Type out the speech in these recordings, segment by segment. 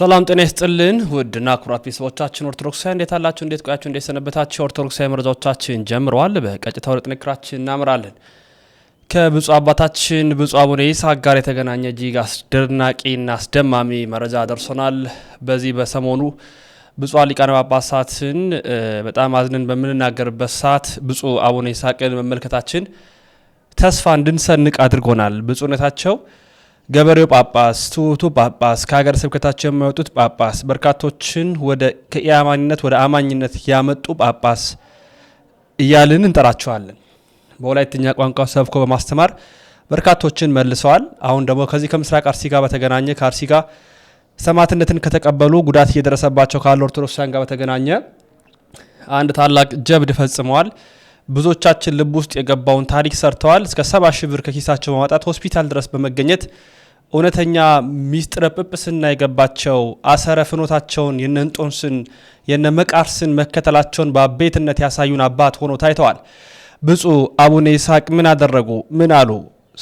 ሰላም ጤና ይስጥልን ውድና ኩራት ቤተሰቦቻችን ኦርቶዶክሳዊ እንዴት አላችሁ? እንዴት ቆያችሁ? እንዴት ሰነበታችሁ? ኦርቶዶክሳዊ መረጃዎቻችን ጀምረዋል። በቀጥታ ወደ ጥንክራችን እናምራለን። ከብፁዕ አባታችን ብፁዕ አቡነ ይስሐቅ ጋር የተገናኘ እጅግ አስደናቂና አስደማሚ መረጃ ደርሶናል። በዚህ በሰሞኑ ብፁዕ ሊቃነ ጳጳሳትን በጣም አዝነን በምንናገርበት ሰዓት ብፁዕ አቡነ ይስሐቅን መመልከታችን ተስፋ እንድንሰንቅ አድርጎናል። ብፁዕነታቸው ገበሬው ጳጳስ፣ ትሑቱ ጳጳስ፣ ከሀገረ ስብከታቸው የማይወጡት ጳጳስ፣ በርካቶችን ከኢአማኝነት ወደ አማኝነት ያመጡ ጳጳስ እያልን እንጠራቸዋለን። በወላይትኛ ቋንቋ ሰብኮ በማስተማር በርካቶችን መልሰዋል። አሁን ደግሞ ከዚህ ከምስራቅ አርሲ ጋር በተገናኘ ከአርሲ ጋር ሰማዕትነትን ከተቀበሉ ጉዳት እየደረሰባቸው ካለ ኦርቶዶክሳን ጋር በተገናኘ አንድ ታላቅ ጀብድ ፈጽመዋል። ብዙዎቻችን ልብ ውስጥ የገባውን ታሪክ ሰርተዋል። እስከ ሰባ ሺህ ብር ከኪሳቸው በማውጣት ሆስፒታል ድረስ በመገኘት እውነተኛ ሚስጥረ ጵጵስና የገባቸው አሰረ ፍኖታቸውን የነ እንጦንስን የነ መቃርስን መከተላቸውን በአቤትነት ያሳዩን አባት ሆኖ ታይተዋል። ብፁዕ አቡነ ይስሐቅ ምን አደረጉ? ምን አሉ?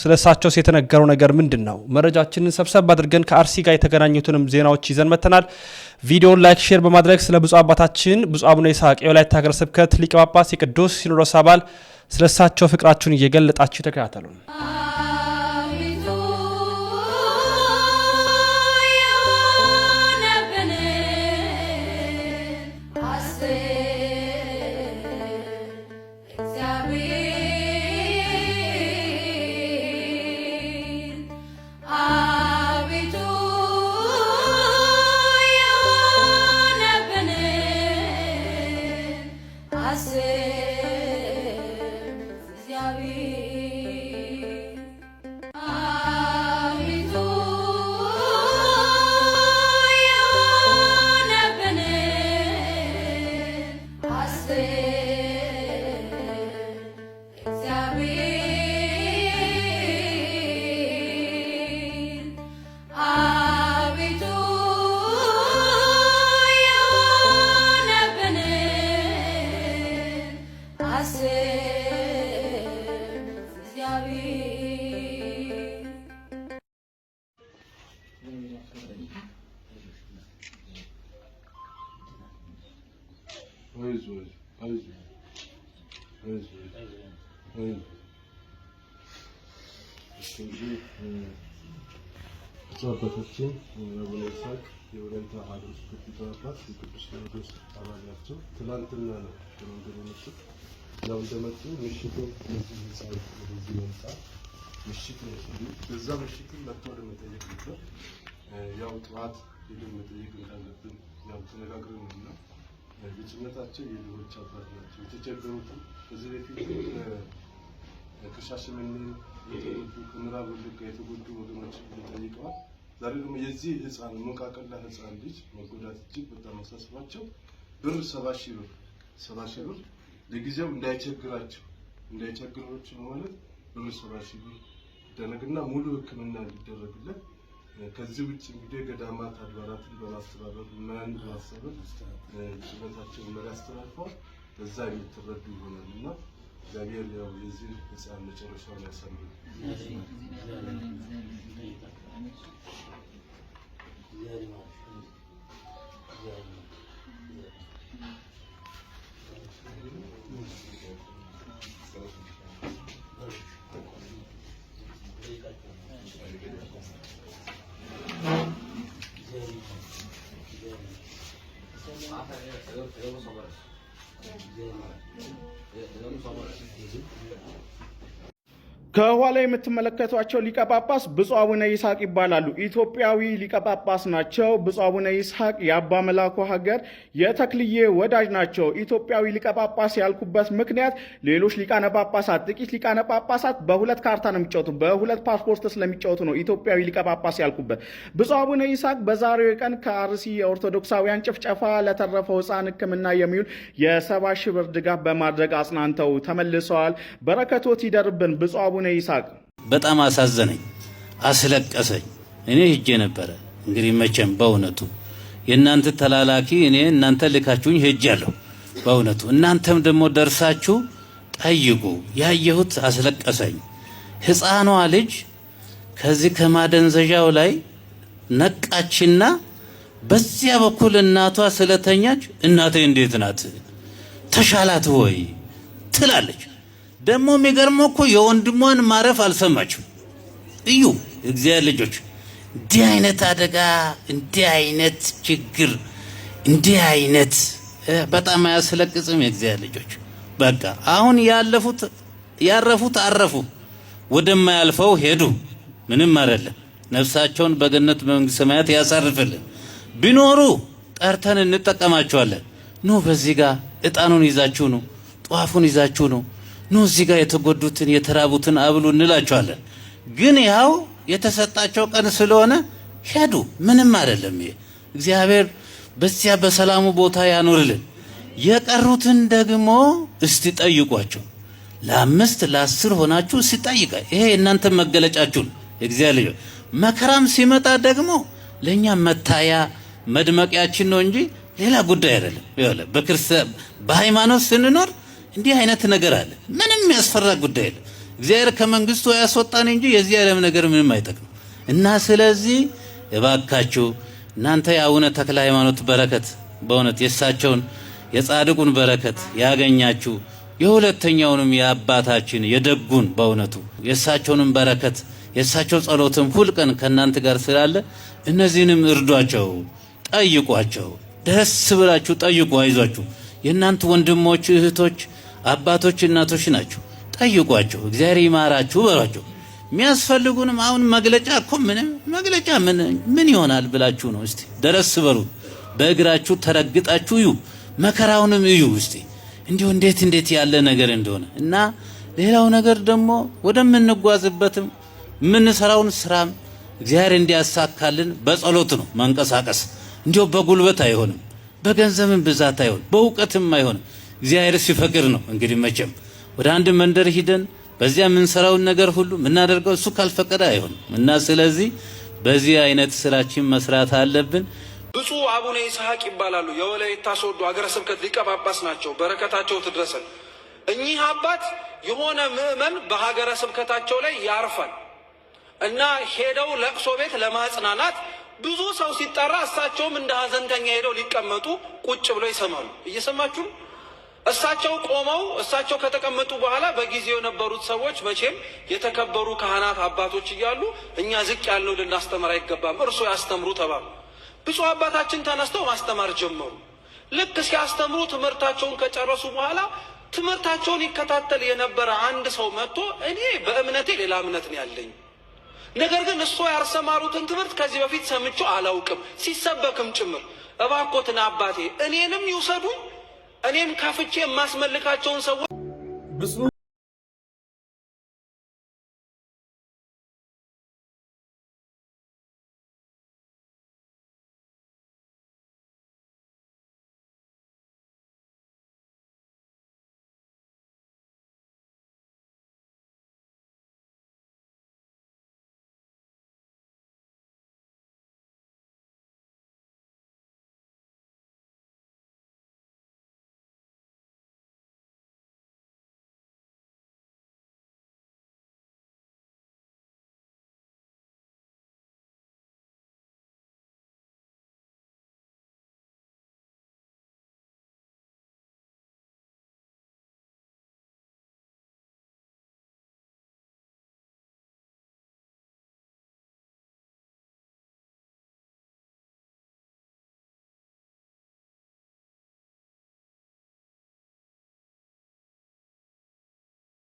ስለ እሳቸው የተነገረው ነገር ምንድን ነው? መረጃችንን ሰብሰብ አድርገን ከአርሲ ጋር የተገናኙትንም ዜናዎች ይዘን መተናል። ቪዲዮን ላይክ፣ ሼር በማድረግ ስለ ብፁዕ አባታችን ብፁዕ አቡነ ይስሐቅ የወላይታ ሀገረ ስብከት ሊቀ ጳጳስ የቅዱስ ሲኖዶስ አባል ስለ እሳቸው ፍቅራችሁን እየገለጣችሁ ተከታተሉን። We. Özür. Özür. Özür. Özür. Şimdi Zorbatatçı, Rabunaysak, የወለምታ ሀገሮች ቅዱስ አባት የቅዱስ ጊዮርጊስ አባል ናቸው። ትናንትና ነው ወደ የመጡት። ያው እንደመጡ ምሽቱ እዚህ ህንፃ ወደዚህ ህንፃ ምሽት ነው ሰሉ በዛ ምሽት መጥቶ ለመጠየቅ ነበር። ያው ጠዋት ሄደን መጠየቅ እንዳለብን ያው ተነጋግረን ነው በልጅነታቸው የድሆች አባት ናቸው። የተቸገሩትም ከዚህ በፊት ከሻሸመኔ የተጎዱ ከምዕራብ ወለጋ የተጎዱ ወገኖች ጠይቀዋል። ዛሬ ደግሞ የዚህ ህፃን ሞቃቀላ ህፃን ልጅ መጎዳት እጅግ በጣም አሳስቧቸው ብር ሰባ ሺህ ብር ሰባ ሺህ ብር ለጊዜው እንዳይቸግራቸው እንዳይቸግራቸው ማለት ብር ሰባ ሺህ ብር ይደረግና ሙሉ ሕክምና እንዲደረግለት ከዚህ ውጭ እንግዲህ ገዳማት አድባራትን በማስተባበር ምናምን በማስተባበር ጭበታቸውን መሪ አስተላልፈዋል። በዛ የምትረዱ ይሆናል እና እግዚአብሔር ያው የዚህ ሕፃን መጨረሻውን ያሳምራል። Thank Selam Samara. Selam Samara. ከኋላ የምትመለከቷቸው ሊቀ ጳጳስ ብፁዕ አቡነ ይስሐቅ ይባላሉ። ኢትዮጵያዊ ሊቀ ጳጳስ ናቸው። ብፁዕ አቡነ ይስሐቅ የአባ መላኩ ሀገር የተክልዬ ወዳጅ ናቸው። ኢትዮጵያዊ ሊቀ ጳጳስ ያልኩበት ምክንያት ሌሎች ሊቃነ ጳጳሳት ጥቂት ሊቃነ ጳጳሳት በሁለት ካርታ ነው የሚጫወቱ፣ በሁለት ፓስፖርት ስለሚጫወቱ ነው ኢትዮጵያዊ ሊቀ ጳጳስ ያልኩበት። ብፁዕ አቡነ ይስሐቅ በዛሬው ቀን ከአርሲ የኦርቶዶክሳውያን ጭፍጨፋ ለተረፈው ሕፃን ሕክምና የሚውል የሰባ ሺህ ብር ድጋፍ በማድረግ አጽናንተው ተመልሰዋል። በረከቶት ይደርብን ብፁዕ አቡነ ዘመነ ይስሐቅ በጣም አሳዘነኝ፣ አስለቀሰኝ። እኔ ሂጄ ነበረ እንግዲህ መቼም በእውነቱ የእናንተ ተላላኪ እኔ እናንተ ልካችሁኝ ሄጃለሁ። በእውነቱ እናንተም ደግሞ ደርሳችሁ ጠይቁ። ያየሁት አስለቀሰኝ። ሕፃኗ ልጅ ከዚህ ከማደንዘዣው ላይ ነቃችና በዚያ በኩል እናቷ ስለተኛች እናቴ እንዴት ናት ተሻላት ወይ ትላለች። ደግሞ የሚገርመው እኮ የወንድሟን ማረፍ አልሰማችም። እዩ እግዚአብሔር ልጆች፣ እንዲህ አይነት አደጋ፣ እንዲህ አይነት ችግር፣ እንዲህ አይነት በጣም አያስለቅጽም? የእግዚአብሔር ልጆች በቃ አሁን ያለፉት ያረፉት አረፉ፣ ወደማያልፈው ሄዱ። ምንም አይደለም። ነፍሳቸውን በገነት በመንግስት ሰማያት ያሳርፍልን። ቢኖሩ ጠርተን እንጠቀማቸዋለን። ኑ በዚህ ጋር እጣኑን ይዛችሁ ነው፣ ጧፉን ይዛችሁ ነው ኑ እዚህ ጋር የተጎዱትን የተራቡትን አብሉ እንላቸዋለን። ግን ያው የተሰጣቸው ቀን ስለሆነ ሄዱ። ምንም አይደለም። ይሄ እግዚአብሔር በዚያ በሰላሙ ቦታ ያኖርልን። የቀሩትን ደግሞ እስቲ ጠይቋቸው። ለአምስት ለአስር ሆናችሁ እስቲ ጠይቃ። ይሄ የእናንተ መገለጫችሁን እግዚአብሔር ልጅ መከራም ሲመጣ ደግሞ ለእኛ መታያ መድመቂያችን ነው እንጂ ሌላ ጉዳይ አይደለም። በክርስቲያን በሃይማኖት ስንኖር እንዲህ አይነት ነገር አለ። ምንም ያስፈራ ጉዳይ የለም። እግዚአብሔር ከመንግስቱ ያስወጣን እንጂ የዚህ ዓለም ነገር ምንም አይጠቅም እና ስለዚህ እባካችሁ እናንተ የአቡነ ተክለ ሃይማኖት በረከት በእውነት የእሳቸውን የጻድቁን በረከት ያገኛችሁ የሁለተኛውንም የአባታችን የደጉን በእውነቱ የእሳቸውንም በረከት የእሳቸው ጸሎትም ሁልቀን ከእናንተ ጋር ስላለ እነዚህንም እርዷቸው፣ ጠይቋቸው፣ ደስ ብላችሁ ጠይቁ፣ አይዟችሁ የእናንተ ወንድሞች እህቶች አባቶች እናቶች ናቸው። ጠይቋቸው፣ እግዚአብሔር ይማራችሁ በሏቸው። የሚያስፈልጉንም አሁን መግለጫ እኮ ምንም መግለጫ ምን ምን ይሆናል ብላችሁ ነው። እስቲ ደረስ በሉ፣ በእግራችሁ ተረግጣችሁ እዩ፣ መከራውንም እዩ። እስቲ እንዲሁ እንዴት እንዴት ያለ ነገር እንደሆነ እና ሌላው ነገር ደግሞ ወደምንጓዝበትም የምንሰራውን ስራም እግዚአብሔር እንዲያሳካልን በጸሎት ነው መንቀሳቀስ። እንዲሁ በጉልበት አይሆንም፣ በገንዘብም ብዛት አይሆንም፣ በእውቀትም አይሆንም። እግዚአብሔር ሲፈቅድ ነው። እንግዲህ መቼም ወደ አንድ መንደር ሂደን በዚያ የምንሰራውን ነገር ሁሉ የምናደርገው እሱ ካልፈቀደ አይሆንም እና ስለዚህ በዚህ አይነት ስራችን መስራት አለብን። ብፁዕ አቡነ ይስሐቅ ይባላሉ። የወላይታ ሶዶ ሀገረ ስብከት ሊቀ ጳጳስ ናቸው። በረከታቸው ትድረሰን። እኚህ አባት የሆነ ምዕመን በሀገረ ስብከታቸው ላይ ያርፋል እና ሄደው ለቅሶ ቤት ለማጽናናት ብዙ ሰው ሲጠራ እሳቸውም እንደ ሀዘንተኛ ሄደው ሊቀመጡ ቁጭ ብለው ይሰማሉ። እየሰማችሁ እሳቸው ቆመው እሳቸው ከተቀመጡ በኋላ በጊዜው የነበሩት ሰዎች መቼም የተከበሩ ካህናት አባቶች እያሉ እኛ ዝቅ ያልነው ልናስተምር አይገባም፣ እርሶ ያስተምሩ ተባሉ። ብፁዕ አባታችን ተነስተው ማስተማር ጀመሩ። ልክ ሲያስተምሩ ትምህርታቸውን ከጨረሱ በኋላ ትምህርታቸውን ይከታተል የነበረ አንድ ሰው መጥቶ እኔ በእምነቴ ሌላ እምነት ነው ያለኝ፣ ነገር ግን እሶ ያስተማሩትን ትምህርት ከዚህ በፊት ሰምቼ አላውቅም ሲሰበክም ጭምር እባኮትን አባቴ እኔንም ይውሰዱኝ እኔም ከፍቼ የማስመልካቸውን ሰዎች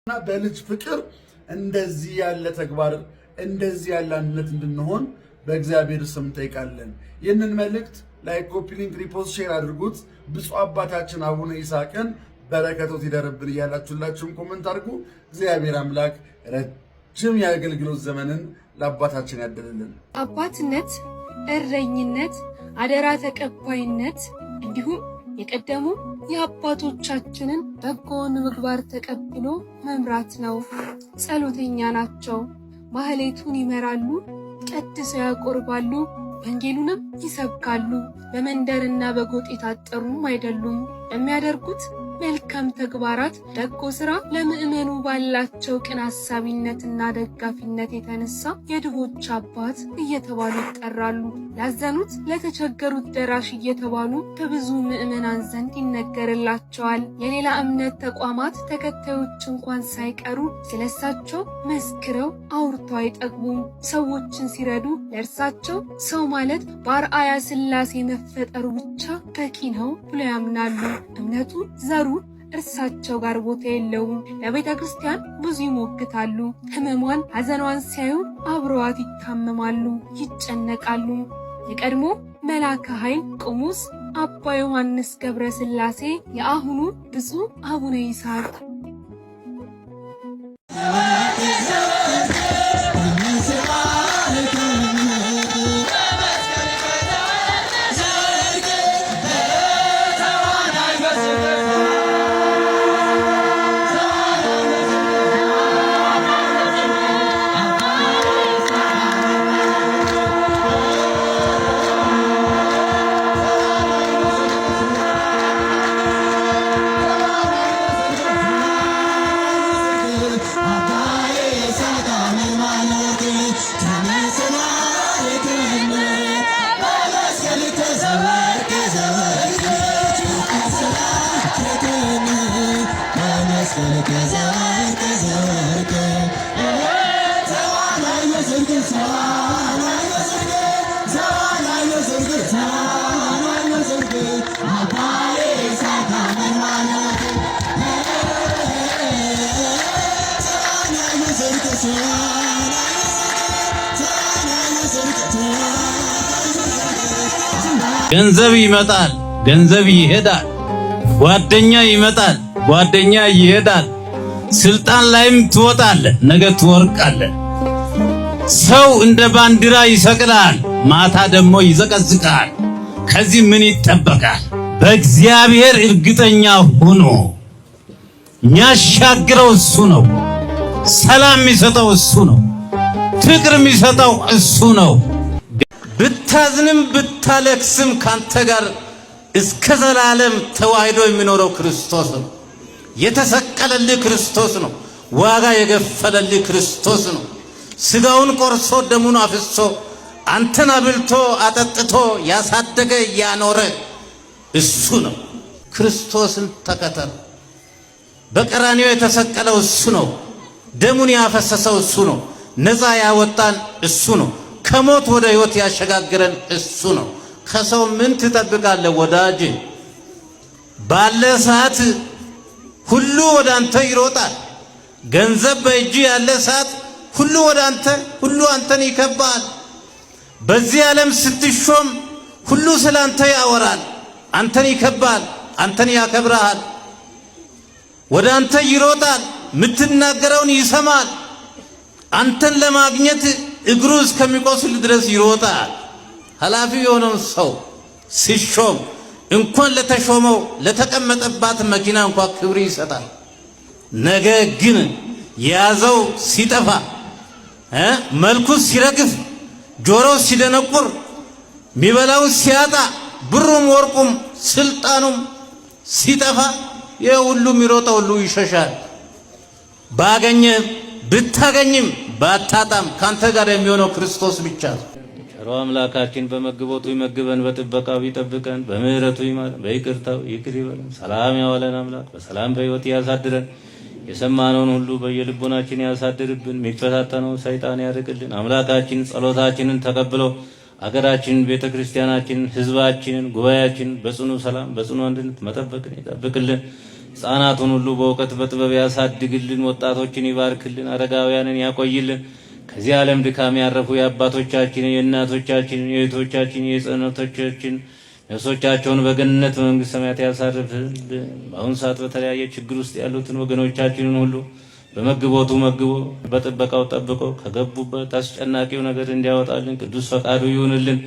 እና በልጅ ፍቅር እንደዚህ ያለ ተግባር እንደዚህ ያለ አንድነት እንድንሆን በእግዚአብሔር ስም ጠይቃለን። ይህንን መልእክት ላይክ፣ ኮፒ ሊንክ፣ ሪፖስት፣ ሼር አድርጉት። ብፁ አባታችን አቡነ ይስሐቅን በረከቶት ይደርብን እያላችሁላችሁም ኮመንት አድርጉ። እግዚአብሔር አምላክ ረጅም የአገልግሎት ዘመንን ለአባታችን ያደልልን። አባትነት፣ እረኝነት፣ አደራ ተቀባይነት እንዲሁም የቀደሙ የአባቶቻችንን በጎን ምግባር ተቀብሎ መምራት ነው። ጸሎተኛ ናቸው። ማህሌቱን ይመራሉ፣ ቀድሰው ያቆርባሉ፣ ወንጌሉንም ይሰብካሉ። በመንደርና በጎጥ የታጠሩም አይደሉም። የሚያደርጉት መልካም ተግባራት፣ በጎ ስራ ለምዕመኑ ባላቸው ቅን ሀሳቢነትና ደጋፊነት የተነሳ የድሆች አባት እየተባሉ ይጠራሉ። ላዘኑት፣ ለተቸገሩት ደራሽ እየተባሉ ከብዙ ምዕመናን ዘንድ ይነገርላቸዋል። የሌላ እምነት ተቋማት ተከታዮች እንኳን ሳይቀሩ ስለሳቸው መስክረው አውርቶ አይጠግቡም። ሰዎችን ሲረዱ ለእርሳቸው ሰው ማለት በአርአያ ስላሴ መፈጠሩ ብቻ በቂ ነው ብሎ ያምናሉ። እምነቱ ዘሩ እርሳቸው ጋር ቦታ የለውም። ለቤተ ክርስቲያን ብዙ ይሞክታሉ። ህመሟን፣ ሐዘኗን ሲያዩ አብረዋት ይታመማሉ፣ ይጨነቃሉ። የቀድሞ መላከ ኃይል ቅሙስ አባ ዮሐንስ ገብረ ሥላሴ የአሁኑ ብፁዕ አቡነ ይስሐቅ ገንዘብ ይመጣል፣ ገንዘብ ይሄዳል፣ ጓደኛ ይመጣል። ጓደኛ ይሄዳል፣ ስልጣን ላይም ትወጣለ፣ ነገ ትወርቃለ። ሰው እንደ ባንዲራ ይሰቅላል፣ ማታ ደግሞ ይዘቀዝቃል። ከዚህ ምን ይጠበቃል? በእግዚአብሔር እርግጠኛ ሆኖ የሚያሻግረው እሱ ነው። ሰላም የሚሰጠው እሱ ነው። ፍቅር የሚሰጠው እሱ ነው። ብታዝንም ብታለክስም ካንተ ጋር እስከ ዘላለም ተዋህዶ የሚኖረው ክርስቶስ ነው። የተሰቀለልህ ክርስቶስ ነው። ዋጋ የገፈለልህ ክርስቶስ ነው። ስጋውን ቆርሶ ደሙን አፍሶ አንተን አብልቶ አጠጥቶ ያሳደገ ያኖረ እሱ ነው። ክርስቶስን ተከተል። በቀራኒው የተሰቀለው እሱ ነው። ደሙን ያፈሰሰው እሱ ነው። ነፃ ያወጣን እሱ ነው። ከሞት ወደ ሕይወት ያሸጋግረን እሱ ነው። ከሰው ምን ትጠብቃለህ ወዳጅ? ባለ ሰዓት ሁሉ ወደ አንተ ይሮጣል። ገንዘብ በእጅ ያለ ሰዓት ሁሉ ወደ አንተ ሁሉ አንተን ይከባል። በዚህ ዓለም ስትሾም ሁሉ ስለ አንተ ያወራል፣ አንተን ይከባል፣ አንተን ያከብረሃል፣ ወደ አንተ ይሮጣል፣ የምትናገረውን ይሰማል። አንተን ለማግኘት እግሩ እስከሚቆስል ድረስ ይሮጣል። ኃላፊ የሆነውን ሰው ሲሾም እንኳን ለተሾመው ለተቀመጠባት መኪና እንኳ ክብር ይሰጣል። ነገ ግን የያዘው ሲጠፋ፣ መልኩ ሲረግፍ፣ ጆሮው ሲደነቁር፣ ሚበላው ሲያጣ፣ ብሩም ወርቁም ስልጣኑም ሲጠፋ ይህ ሁሉ የሚሮጠው ሁሉ ይሸሻል። ባገኘ ብታገኝም ባታጣም ካንተ ጋር የሚሆነው ክርስቶስ ብቻ ነው። ቸሮ አምላካችን በመግቦቱ ይመግበን፣ በጥበቃው ይጠብቀን፣ በምህረቱ ይማረን፣ በይቅርታው ይቅር ይበለን። ሰላም ያዋለን አምላክ በሰላም በሕይወት ያሳድረን። የሰማነውን ሁሉ በየልቦናችን ያሳድርብን። የሚፈታተነው ሰይጣን ያርቅልን። አምላካችን ጸሎታችንን ተቀብሎ አገራችንን፣ ቤተ ክርስቲያናችንን፣ ሕዝባችንን፣ ጉባኤያችንን በጽኑ ሰላም በጽኑ አንድነት መጠበቅን ይጠብቅልን። ሕፃናቱን ሁሉ በእውቀት በጥበብ ያሳድግልን። ወጣቶችን ይባርክልን። አረጋውያንን ያቆይልን። ከዚህ ዓለም ድካም ያረፉ የአባቶቻችን የእናቶቻችን የእህቶቻችን የጸኖቶቻችን ነፍሶቻቸውን በገነት በመንግስት ሰማያት ያሳርፍል። በአሁኑ ሰዓት በተለያየ ችግር ውስጥ ያሉትን ወገኖቻችንን ሁሉ በመግቦቱ መግቦ በጥበቃው ጠብቆ ከገቡበት አስጨናቂው ነገር እንዲያወጣልን ቅዱስ ፈቃዱ ይሁንልን።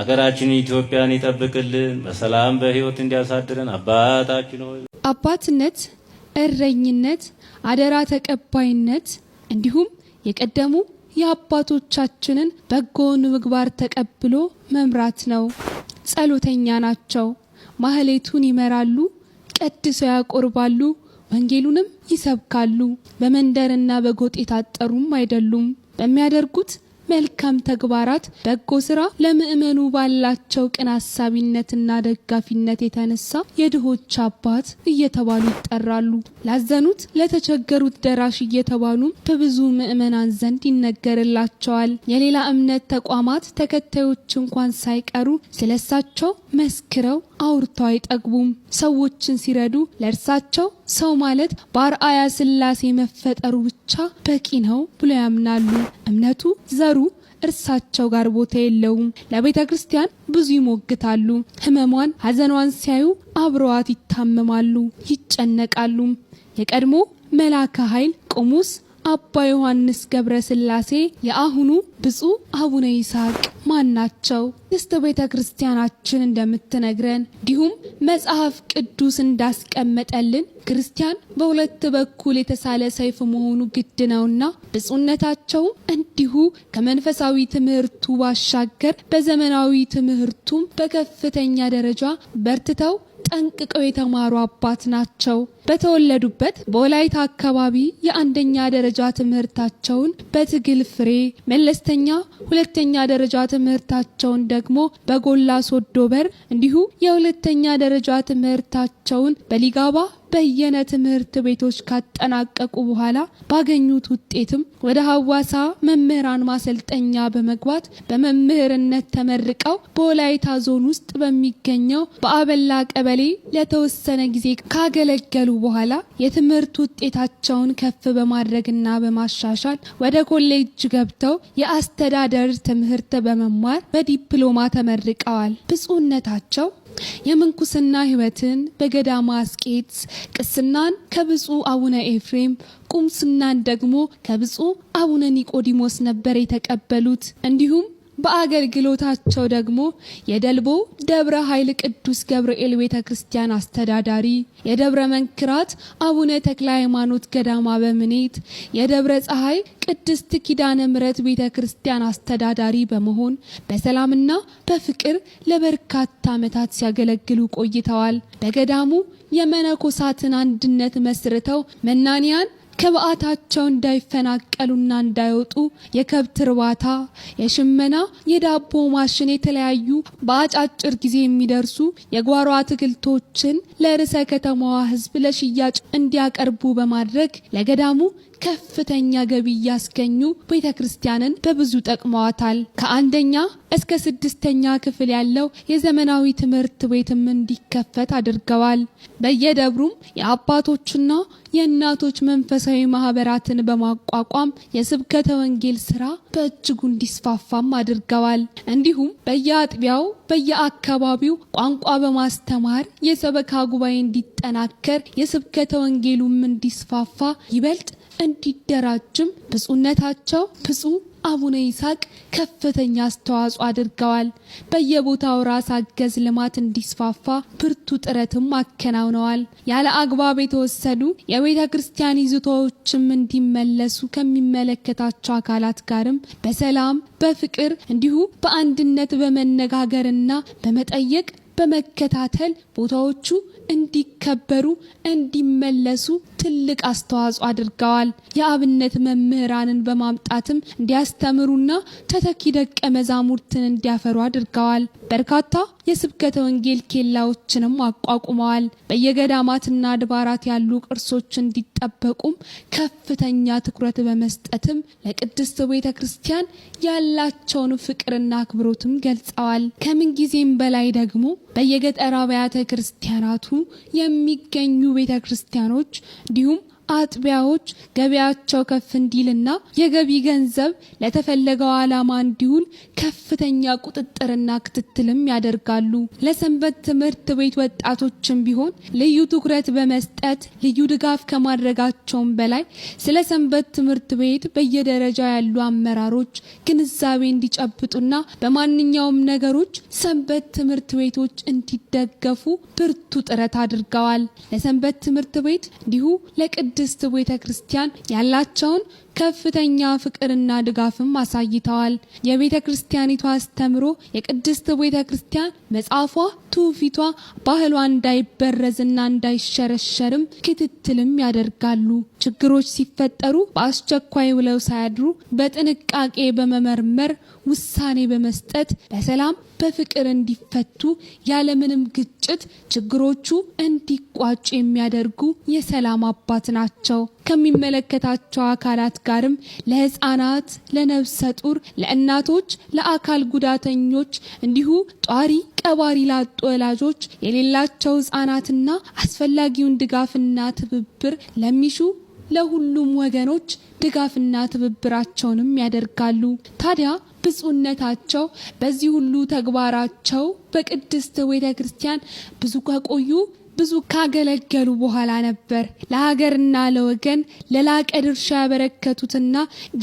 አገራችን ኢትዮጵያን ይጠብቅልን፣ በሰላም በህይወት እንዲያሳድረን አባታችን ሆይ አባትነት፣ እረኝነት፣ አደራ ተቀባይነት እንዲሁም የቀደሙ የአባቶቻችንን በጎን ምግባር ተቀብሎ መምራት ነው። ጸሎተኛ ናቸው። ማህሌቱን ይመራሉ፣ ቀድሰው ያቆርባሉ፣ ወንጌሉንም ይሰብካሉ። በመንደርና በጎጥ የታጠሩም አይደሉም። በሚያደርጉት መልካም ተግባራት፣ በጎ ስራ ለምእመኑ ባላቸው ቅን አሳቢነትና ደጋፊነት የተነሳ የድሆች አባት እየተባሉ ይጠራሉ። ላዘኑት፣ ለተቸገሩት ደራሽ እየተባሉ በብዙ ምእመናን ዘንድ ይነገርላቸዋል። የሌላ እምነት ተቋማት ተከታዮች እንኳን ሳይቀሩ ስለሳቸው መስክረው አውርተው አይጠግቡም። ሰዎችን ሲረዱ ለእርሳቸው ሰው ማለት በአርአያ ስላሴ መፈጠሩ ብቻ ብቻ በቂ ነው ብሎ ያምናሉ። እምነቱ፣ ዘሩ እርሳቸው ጋር ቦታ የለውም። ለቤተ ክርስቲያን ብዙ ይሞግታሉ። ህመሟን ሀዘኗን ሲያዩ አብረዋት ይታመማሉ፣ ይጨነቃሉ። የቀድሞ መላከ ኃይል ቆሙስ አባ ዮሐንስ ገብረ ስላሴ የአሁኑ ብፁዕ አቡነ ይስሐቅ ማን ናቸው? ንስተ ቤተ ክርስቲያናችን እንደምትነግረን እንዲሁም መጽሐፍ ቅዱስ እንዳስቀመጠልን ክርስቲያን በሁለት በኩል የተሳለ ሰይፍ መሆኑ ግድ ነውና ብፁዕነታቸውም እንዲሁ ከመንፈሳዊ ትምህርቱ ባሻገር በዘመናዊ ትምህርቱም በከፍተኛ ደረጃ በርትተው ጠንቅቀው የተማሩ አባት ናቸው። በተወለዱበት በወላይታ አካባቢ የአንደኛ ደረጃ ትምህርታቸውን በትግል ፍሬ፣ መለስተኛ ሁለተኛ ደረጃ ትምህርታቸውን ደግሞ በጎላ ሶዶበር እንዲሁ የሁለተኛ ደረጃ ትምህርታቸውን በሊጋባ በየነ ትምህርት ቤቶች ካጠናቀቁ በኋላ ባገኙት ውጤትም ወደ ሀዋሳ መምህራን ማሰልጠኛ በመግባት በመምህርነት ተመርቀው በወላይታ ዞን ውስጥ በሚገኘው በአበላ ቀበሌ ለተወሰነ ጊዜ ካገለገሉ በኋላ የትምህርት ውጤታቸውን ከፍ በማድረግና በማሻሻል ወደ ኮሌጅ ገብተው የአስተዳደር ትምህርት በመማር በዲፕሎማ ተመርቀዋል። ብፁዕነታቸው የምንኩስና ህይወትን በገዳማ አስቄት ቅስናን ከብፁዕ አቡነ ኤፍሬም ቁምስናን ደግሞ ከብፁዕ አቡነ ኒቆዲሞስ ነበር የተቀበሉት። እንዲሁም በአገልግሎታቸው ደግሞ የደልቦ ደብረ ኃይል ቅዱስ ገብርኤል ቤተ ክርስቲያን አስተዳዳሪ፣ የደብረ መንክራት አቡነ ተክለ ሃይማኖት ገዳማ በምኔት፣ የደብረ ፀሐይ ቅድስት ኪዳነ ምሕረት ቤተ ክርስቲያን አስተዳዳሪ በመሆን በሰላምና በፍቅር ለበርካታ ዓመታት ሲያገለግሉ ቆይተዋል። በገዳሙ የመነኮሳትን አንድነት መስርተው መናንያን ከበዓታቸው እንዳይፈናቀሉና እንዳይወጡ የከብት እርባታ፣ የሽመና፣ የዳቦ ማሽን፣ የተለያዩ በአጫጭር ጊዜ የሚደርሱ የጓሮ አትክልቶችን ለርዕሰ ከተማዋ ሕዝብ ለሽያጭ እንዲያቀርቡ በማድረግ ለገዳሙ ከፍተኛ ገቢ እያስገኙ ቤተ ክርስቲያንን በብዙ ጠቅመዋታል። ከአንደኛ እስከ ስድስተኛ ክፍል ያለው የዘመናዊ ትምህርት ቤትም እንዲከፈት አድርገዋል። በየደብሩም የአባቶችና የእናቶች መንፈሳዊ ማህበራትን በማቋቋም የስብከተ ወንጌል ስራ በእጅጉ እንዲስፋፋም አድርገዋል። እንዲሁም በየአጥቢያው በየአካባቢው ቋንቋ በማስተማር የሰበካ ጉባኤ እንዲጠናከር፣ የስብከተ ወንጌሉም እንዲስፋፋ ይበልጥ እንዲደራጅም ብፁዕነታቸው ብፁዕ አቡነ ይስሐቅ ከፍተኛ አስተዋጽኦ አድርገዋል። በየቦታው ራስ አገዝ ልማት እንዲስፋፋ ብርቱ ጥረትም አከናውነዋል። ያለ አግባብ የተወሰዱ የቤተ ክርስቲያን ይዞታዎችም እንዲመለሱ ከሚመለከታቸው አካላት ጋርም በሰላም በፍቅር እንዲሁ በአንድነት በመነጋገርና በመጠየቅ በመከታተል ቦታዎቹ እንዲከበሩ እንዲመለሱ ትልቅ አስተዋጽኦ አድርገዋል። የአብነት መምህራንን በማምጣትም እንዲያስተምሩና ተተኪ ደቀ መዛሙርትን እንዲያፈሩ አድርገዋል። በርካታ የስብከተ ወንጌል ኬላዎችንም አቋቁመዋል። በየገዳማትና አድባራት ያሉ ቅርሶች እንዲጠበቁም ከፍተኛ ትኩረት በመስጠትም ለቅድስት ቤተ ክርስቲያን ያላቸውን ፍቅርና አክብሮትም ገልጸዋል። ከምንጊዜም ጊዜም በላይ ደግሞ በየገጠር አብያተ ክርስቲያናቱ የሚገኙ ቤተ ክርስቲያኖች dihukum አጥቢያዎች ገቢያቸው ከፍ እንዲልና የገቢ ገንዘብ ለተፈለገው ዓላማ እንዲውል ከፍተኛ ቁጥጥርና ክትትልም ያደርጋሉ። ለሰንበት ትምህርት ቤት ወጣቶችም ቢሆን ልዩ ትኩረት በመስጠት ልዩ ድጋፍ ከማድረጋቸውም በላይ ስለ ሰንበት ትምህርት ቤት በየደረጃ ያሉ አመራሮች ግንዛቤ እንዲጨብጡና በማንኛውም ነገሮች ሰንበት ትምህርት ቤቶች እንዲደገፉ ብርቱ ጥረት አድርገዋል። ለሰንበት ትምህርት ቤት እንዲሁ ለቅድ ቅድስት ቤተ ክርስቲያን ያላቸውን ከፍተኛ ፍቅርና ድጋፍም አሳይተዋል። የቤተ ክርስቲያኒቷ አስተምሮ የቅድስት ቤተ ክርስቲያን መጽሐፏ፣ ትውፊቷ፣ ባህሏ እንዳይበረዝና እንዳይሸረሸርም ክትትልም ያደርጋሉ። ችግሮች ሲፈጠሩ በአስቸኳይ ውለው ሳያድሩ በጥንቃቄ በመመርመር ውሳኔ በመስጠት በሰላም በፍቅር እንዲፈቱ ያለምንም ግጭት ችግሮቹ እንዲቋጩ የሚያደርጉ የሰላም አባት ናቸው። ከሚመለከታቸው አካላት ጋርም ለህፃናት፣ ለነፍሰ ጡር፣ ለእናቶች፣ ለአካል ጉዳተኞች እንዲሁ ጧሪ ቀባሪ ላጡ ወላጆች፣ የሌላቸው ህፃናትና አስፈላጊውን ድጋፍና ትብብር ለሚሹ ለሁሉም ወገኖች ድጋፍና ትብብራቸውንም ያደርጋሉ። ታዲያ ብፁዕነታቸው በዚህ ሁሉ ተግባራቸው በቅድስት ቤተ ክርስቲያን ብዙ ከቆዩ ብዙ ካገለገሉ በኋላ ነበር ለሀገርና ለወገን ለላቀ ድርሻ ያበረከቱትና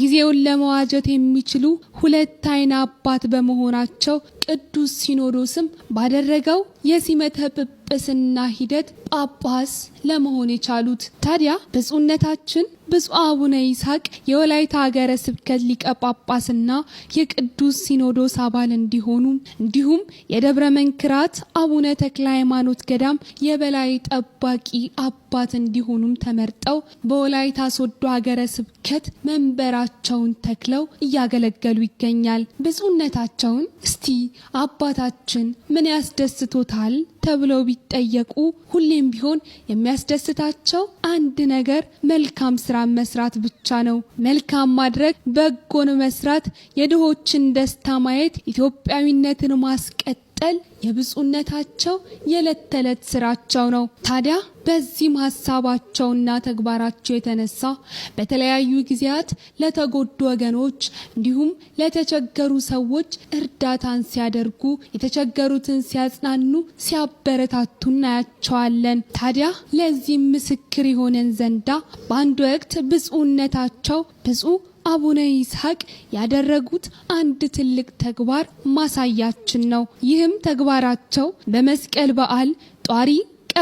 ጊዜውን ለመዋጀት የሚችሉ ሁለት አይን አባት በመሆናቸው ቅዱስ ሲኖዶስም ባደረገው የሲመተ ጵጵስና ሂደት ጳጳስ ለመሆን የቻሉት። ታዲያ ብፁዕነታችን ብፁዕ አቡነ ይስሐቅ የወላይታ ሀገረ ስብከት ሊቀ ጳጳስና የቅዱስ ሲኖዶስ አባል እንዲሆኑ እንዲሁም የደብረ መንክራት አቡነ ተክለ ሃይማኖት ገዳም የበላይ ጠባቂ አባት እንዲሆኑም ተመርጠው በወላይታ ሶዶ ሀገረ ስብከት መንበራቸውን ተክለው እያገለገሉ ይገኛል። ብፁዕነታቸውን እስቲ አባታችን ምን ያስደስቶታል ተብለው ቢጠየቁ ሁሌም ቢሆን የሚያስደስታቸው አንድ ነገር መልካም ስራ መስራት ብቻ ነው። መልካም ማድረግ፣ በጎን መስራት፣ የድሆችን ደስታ ማየት፣ ኢትዮጵያዊነትን ማስቀጠል መቀጠል የብፁዕነታቸው የዕለት ተዕለት ስራቸው ነው። ታዲያ በዚህም ሀሳባቸውና ተግባራቸው የተነሳ በተለያዩ ጊዜያት ለተጎዱ ወገኖች እንዲሁም ለተቸገሩ ሰዎች እርዳታን ሲያደርጉ የተቸገሩትን ሲያጽናኑ፣ ሲያበረታቱ እናያቸዋለን። ታዲያ ለዚህም ምስክር የሆነን ዘንዳ በአንድ ወቅት ብፁዕነታቸው ብፁዕ አቡነ ይስሐቅ ያደረጉት አንድ ትልቅ ተግባር ማሳያችን ነው። ይህም ተግባራቸው በመስቀል በዓል ጧሪ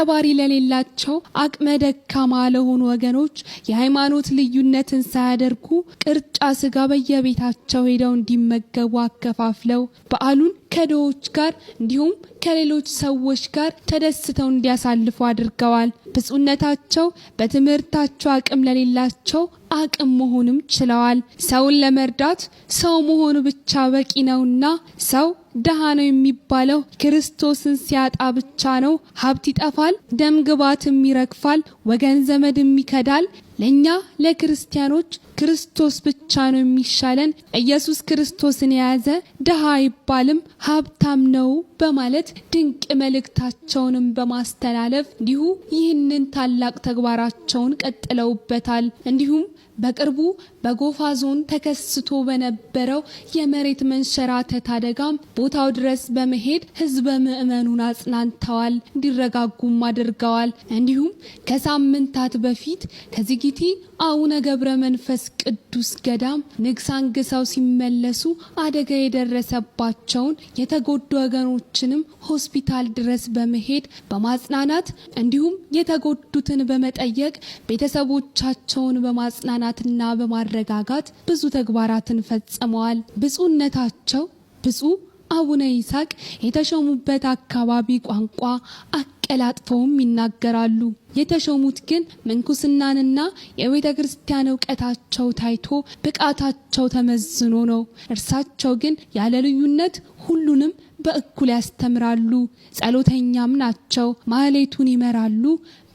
ቀባሪ ለሌላቸው አቅመ ደካማ ለሆኑ ወገኖች የሃይማኖት ልዩነትን ሳያደርጉ ቅርጫ ስጋ በየቤታቸው ሄደው እንዲመገቡ አከፋፍለው በዓሉን ከድሆች ጋር እንዲሁም ከሌሎች ሰዎች ጋር ተደስተው እንዲያሳልፉ አድርገዋል። ብፁዕነታቸው በትምህርታቸው አቅም ለሌላቸው አቅም መሆንም ችለዋል። ሰውን ለመርዳት ሰው መሆኑ ብቻ በቂ ነውና ሰው ደሃ ነው የሚባለው ክርስቶስን ሲያጣ ብቻ ነው። ሀብት ይጠፋል፣ ደም ግባትም ይረግፋል፣ ወገን ዘመድም ይከዳል፣ ለእኛ ለክርስቲያኖች ክርስቶስ ብቻ ነው የሚሻለን። ኢየሱስ ክርስቶስን የያዘ ድሃ አይባልም ሀብታም ነው በማለት ድንቅ መልእክታቸውንም በማስተላለፍ እንዲሁ ይህንን ታላቅ ተግባራቸውን ቀጥለውበታል። እንዲሁም በቅርቡ በጎፋ ዞን ተከስቶ በነበረው የመሬት መንሸራተት አደጋም ቦታው ድረስ በመሄድ ህዝበ ምዕመኑን አጽናንተዋል፣ እንዲረጋጉም አድርገዋል። እንዲሁም ከሳምንታት በፊት ከዚጊቲ አቡነ ገብረ መንፈስ ቅዱስ ገዳም ንግስ አንግሰው ሲመለሱ አደጋ የደረሰባቸውን የተጎዱ ወገኖችንም ሆስፒታል ድረስ በመሄድ በማጽናናት እንዲሁም የተጎዱትን በመጠየቅ ቤተሰቦቻቸውን በማጽናናት በማጽናናትና በማረጋጋት ብዙ ተግባራትን ፈጽመዋል። ብፁዕነታቸው ብፁዕ አቡነ ይስሐቅ የተሾሙበት አካባቢ ቋንቋ አቀላጥፈውም ይናገራሉ። የተሾሙት ግን ምንኩስናንና የቤተ ክርስቲያን እውቀታቸው ታይቶ ብቃታቸው ተመዝኖ ነው። እርሳቸው ግን ያለ ልዩነት ሁሉንም በእኩል ያስተምራሉ። ጸሎተኛም ናቸው። ማህሌቱን ይመራሉ።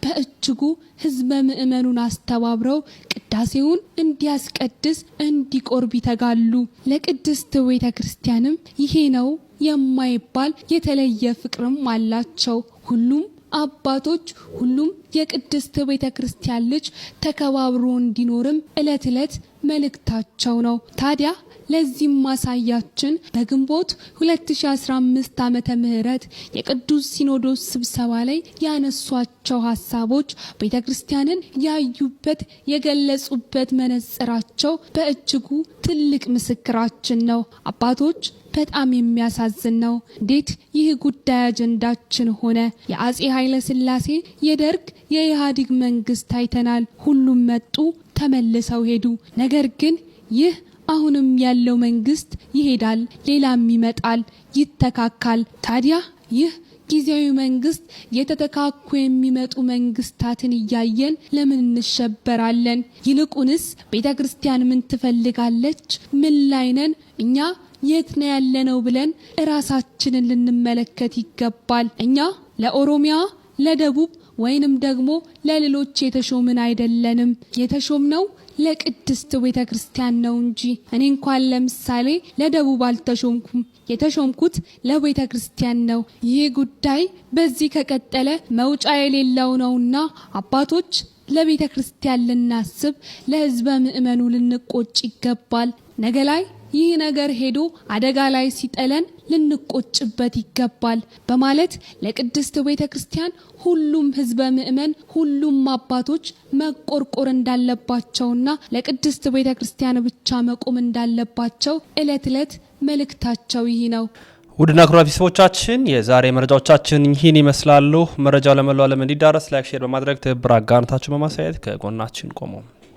በእጅጉ ህዝበ ምእመኑን አስተባብረው ቅዳሴውን እንዲያስቀድስ እንዲቆርብ ይተጋሉ። ለቅድስት ቤተ ክርስቲያንም ይሄ ነው የማይባል የተለየ ፍቅርም አላቸው። ሁሉም አባቶች ሁሉም የቅድስት ቤተ ክርስቲያን ልጅ ተከባብሮ እንዲኖርም ዕለት ዕለት መልእክታቸው ነው። ታዲያ ለዚህም ማሳያችን በግንቦት 2015 ዓ ምህረት የቅዱስ ሲኖዶስ ስብሰባ ላይ ያነሷቸው ሀሳቦች ቤተ ክርስቲያንን ያዩበት የገለጹበት መነጽራቸው በእጅጉ ትልቅ ምስክራችን ነው። አባቶች በጣም የሚያሳዝን ነው። እንዴት ይህ ጉዳይ አጀንዳችን ሆነ? የአጼ ኃይለ ሥላሴ፣ የደርግ፣ የኢህአዴግ መንግስት አይተናል። ሁሉም መጡ፣ ተመልሰው ሄዱ። ነገር ግን ይህ አሁንም ያለው መንግስት ይሄዳል፣ ሌላም ይመጣል፣ ይተካካል። ታዲያ ይህ ጊዜያዊ መንግስት የተተካኩ የሚመጡ መንግስታትን እያየን ለምን እንሸበራለን? ይልቁንስ ቤተ ክርስቲያን ምን ትፈልጋለች? ምን ላይነን? እኛ? የት ነው ያለነው ብለን እራሳችንን ልንመለከት ይገባል። እኛ ለኦሮሚያ ለደቡብ ወይንም ደግሞ ለሌሎች የተሾምን አይደለንም። የተሾምነው ለቅድስት ቤተ ክርስቲያን ነው እንጂ እኔ እንኳን ለምሳሌ ለደቡብ አልተሾምኩም። የተሾምኩት ለቤተ ክርስቲያን ነው። ይህ ጉዳይ በዚህ ከቀጠለ መውጫ የሌለው ነውና አባቶች ለቤተ ክርስቲያን ልናስብ፣ ለህዝበ ምእመኑ ልንቆጭ ይገባል ነገ ላይ ይህ ነገር ሄዶ አደጋ ላይ ሲጠለን ልንቆጭበት ይገባል በማለት ለቅድስት ቤተ ክርስቲያን ሁሉም ህዝበ ምእመን፣ ሁሉም አባቶች መቆርቆር እንዳለባቸውና ለቅድስት ቤተ ክርስቲያን ብቻ መቆም እንዳለባቸው እለት እለት መልእክታቸው ይህ ነው። ውድና ክቡራን ቤተሰቦቻችን የዛሬ መረጃዎቻችን ይህን ይመስላሉ። መረጃው ለመላው ዓለም እንዲዳረስ ላይክ፣ ሼር በማድረግ ትብብር አጋርነታችሁን በማሳየት ከጎናችን ቆመው